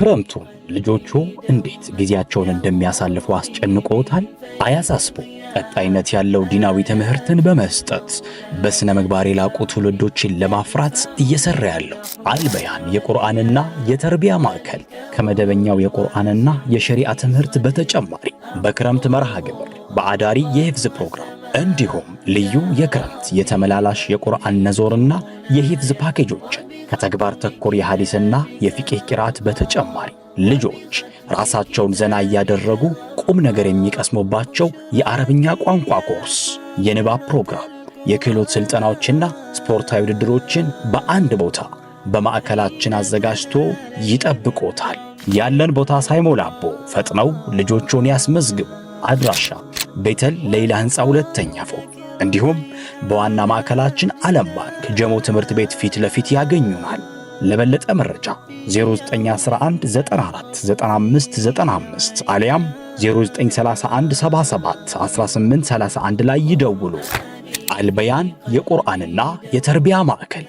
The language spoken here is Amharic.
ክረምቱ ልጆቹ እንዴት ጊዜያቸውን እንደሚያሳልፉ አስጨንቆታል። አያሳስቦ ቀጣይነት ያለው ዲናዊ ትምህርትን በመስጠት በሥነ ምግባር የላቁ ትውልዶችን ለማፍራት እየሰራ ያለው አልበያን የቁርአንና የተርቢያ ማዕከል ከመደበኛው የቁርአንና የሸሪዓ ትምህርት በተጨማሪ በክረምት መርሃ ግብር በአዳሪ የሂፍዝ ፕሮግራም እንዲሁም ልዩ የክረምት የተመላላሽ የቁርአን ነዞርና የሂፍዝ ፓኬጆች ከተግባር ተኮር የሐዲስና የፊቅህ ቂራት በተጨማሪ ልጆች ራሳቸውን ዘና እያደረጉ ቁም ነገር የሚቀስሙባቸው የአረብኛ ቋንቋ ኮርስ፣ የንባብ ፕሮግራም፣ የክህሎት ሥልጠናዎችና ስፖርታዊ ውድድሮችን በአንድ ቦታ በማዕከላችን አዘጋጅቶ ይጠብቆታል። ያለን ቦታ ሳይሞላቦ ፈጥነው ልጆቹን ያስመዝግቡ። አድራሻ ቤተል ሌላ ህንፃ ሁለተኛ ፎቅ እንዲሁም በዋና ማዕከላችን ዓለም ባንክ ጀሞ ትምህርት ቤት ፊት ለፊት ያገኙናል። ለበለጠ መረጃ 0911949595 አሊያም 0931771831 ላይ ይደውሉ። አልበያን የቁርአንና የተርቢያ ማዕከል